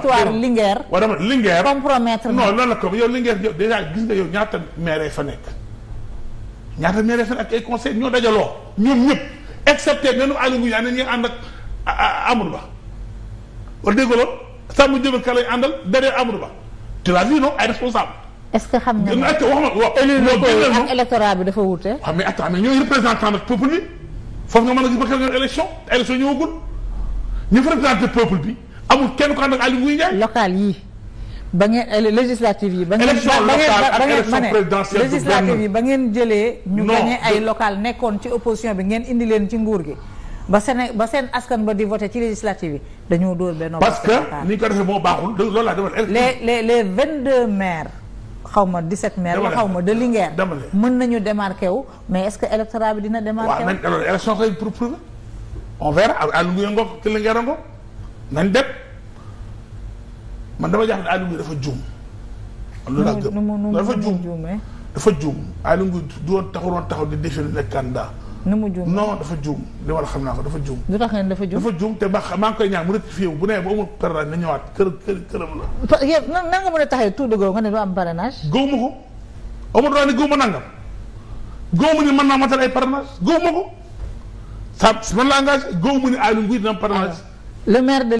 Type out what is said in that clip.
victoire Linguère. waaw dama Linguère compromettre non loolu la ko yow Linguère yow déjà gis nga yow ñaata maire fa nekk ñaata maire fa nekk ak ay conseil ñoo dajaloo ñoom ñëpp excepté nenu Aliou Ngouille ne ñu ànd ak Amadou Ba war dégg loolu sàmm ka àndal derrière Amadou Ba tu l'as vu non ay responsable que xam nga wax ma ak électorat bi dafa wute. waaw mais attends mais ñooy représentant nag peuple bi foofu a gis ba keroog élection élection ñëwagul ñu représenté peuple bi. amul kenn ko ànd ak Aly Ngouille Ndiaye. local yi ba ngeen euh, législative yi. ba ngeen ba jëlee. ñu gagné ay local nekkoon ci opposition bi ngeen indi leen ci nguur gi. ba seen ba seen askan ba di voté ci législative yi dañoo dóor benn. parce que ni ñu ko defee moo baaxul loolu laa demal. les les les vingt deux maires xaw ma dix sept maires. la xaw ma de Linguère. mën nañu démarqué wu mais est ce bi dina démarqué wu. waaw nañ alors élection koy pour prouver on nan dem man dama jàpp ne Aliou Ngouye dafa juum. loolu laa gëm dafa juum dafa juum Aliou Ngouye du woon taxaw doon taxaw di défi nekk candidat. nu mu juum non dafa juum li wala xam naa ko dafa juum. lu tax ngeen dafa juum dafa juum te ba maa ngi koy ñaan mu rectifié wu bu nee ba amul parrainage na ñëwaat kër kër këram la. parce que nan a taxee tout de go nga ne du am parrainage. góob ma ko amul daal ni góob ma nangam góob ma ni mën naa matal ay parrainage góob ma ko ça man la engagé góob ma ni Aliou Ngouye dina am parrainage. le maire de